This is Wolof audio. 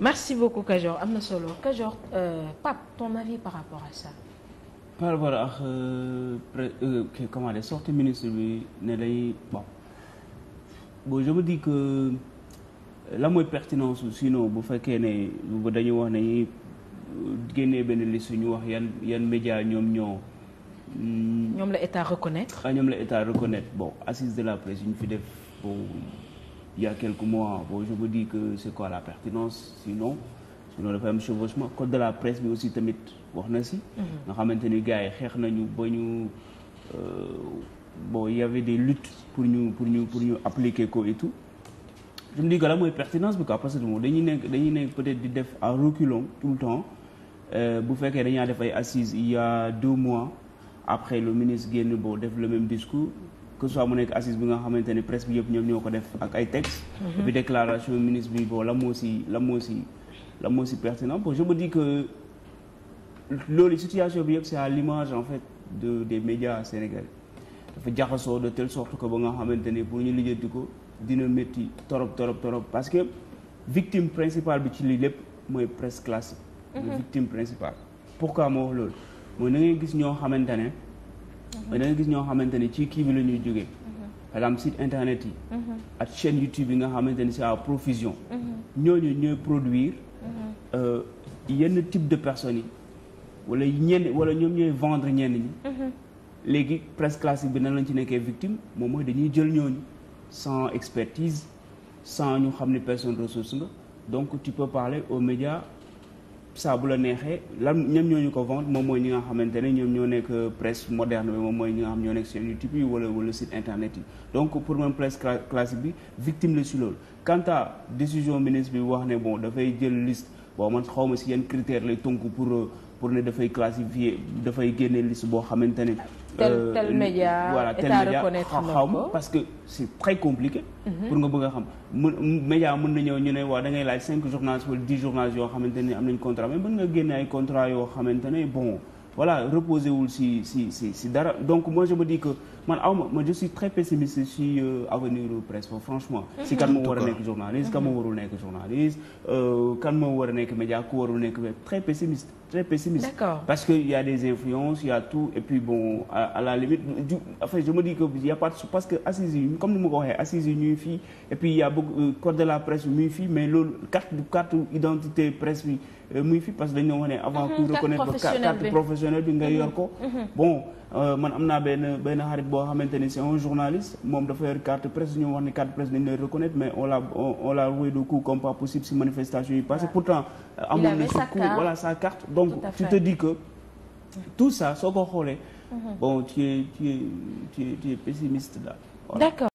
merci beaucoup Kajor am na solo Kajor euh, Pape ton avis par rapport à ça. par rapport ak euh, pré euh, comment dire sortie ministre bi ne day bon bon je me dis que la mooy pertinence su sinon bu fekkee ne bu dañuy wax ne génnee benn liste ñu wax yan yan média ñoom ñoo. Mm, ñoom la état reconnaître. ah ñoom la état reconnaître bon assise de la presse ñu fi def il y a quelques mois bon je me dis que c'est quoi la pertinence sinon sinon dafa am chevauchement code de la presse bi aussi tamit wax na si mhm. nga xamante ni gars yi xeex nañu ba ñu euh, bon il y avait des luttes pour ñu pour ñu pour ñu appliquer ko et tout je me dis que la mooy pertinence bi quoi parce que moom dañuy nekk dañuy nekk peut-être di def à reculons tout le temps euh, bu fekkee dañaa defay ay assises il y deux mois après le ministre génn boo def le même discours que soit mu nekk assise bi nga xamante ne presse bi yëpp ñoom ñoo ko def ak ay texte mhm. et puis déclaration ministre bi bon la si la si la si pertinent bon je me dis que loolu situation bi yëpp c'est à en fait de des médias sénégalais dafa jaxasoo de telle sorte que ba nga xamante ne pour ñu lijjanti ko dina métti torop torop torop parce que victime principale bi ci lii lépp mooy presse classique. Mhm. mooy victime principale. pourquoi moo wax loolu mooy na Mhm. mais da gis ñoo xamante ni ci kii bi lañuy ñuy jógee mhm. par exemple site internet yi mhm. ak chaîne YouTube yi nga xamante ni c'est à profusion ñooñu ñooy produire euh, yenn type de personnes yi wala ñenn wala ñoom ñooy vendre ñenn ñi léegi presse classique bi nan lañ ci nekkee victime moom mooy dañuy jël ñooñu sans expertise sans ñu xam ne personne ressource nga donc tu peux parler aux médias saa bu la neexee lan ñam ñoo ñu ko vendre moom mooy ñi nga xamante ne ñoom ñoo nekk presse moderne bi moom mooy ñi nga xam ñoo nekk seen YouTube yi wala wala site internet yi donc pour man presse classique bi victime la si loolu. quant à décision ministre bi wax ne bon dafay jël liste bon man xaw ma si yan critères lay tënku pour pour ne dafay classifier dafay génne liste boo xamante ne. tel euh, tel média voilà tel média xaw ma parce que c'est très compliqué. Mhm. pour nga bëgg a xam mën média mën na ñëw ñu ne waa da ngay laaj cinq journalistes wala dix journalistes yoo xamante ne am nañ contrat mais mën nga génne ay contrat yoo xamante ne bon voilà reposé wul si si si si dara donc moi je me dis que. man a ma man je suis très pessimiste si euh, avenir presse foofu franchement. Mhm. si kan moo war a nekk journaliste kan moo mhm. warul nekk journaliste euh, kan moo war a nekk média ku warul nekk très pessimiste. très pessimiste parce que il y a des influences il y a tout et puis bon à, la limite je me dis que il y a pas parce que assises comme ni ma ko waxee assises yi ñuy fii et puis il beaucoup euh, de la presse muy fii mais loolu carte carte identité presse bi muy fii parce que dañu doon wax ne avant. Mhm, pour bi nga yor ko bon. Euh, man am naa benn benn xarit boo xamante ni c'est un journaliste moom dafa yor carte presse ñu wax ni carte presse dañ lay reconnaître mais on l'a on l'a roué de coups comme pas possible si manifestation yi passé pourtant euh, amoon na coup voilà sa carte donc tu te dis que mm-hmm. tout ça soo ko xoolee mm-hmm. bon tu es tu es tu es pessimiste là voilà.